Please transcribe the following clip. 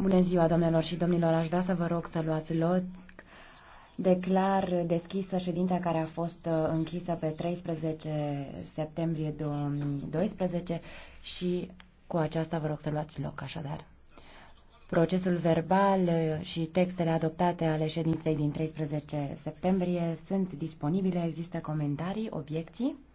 Bună ziua, domnilor și domnilor. Aș vrea să vă rog să luați loc. Declar deschisă ședința care a fost uh, închisă pe 13 septembrie 2012 și cu aceasta vă rog să luați loc, așadar. Procesul verbal uh, și textele adoptate ale ședinței din 13 septembrie sunt disponibile. Există comentarii, obiecții?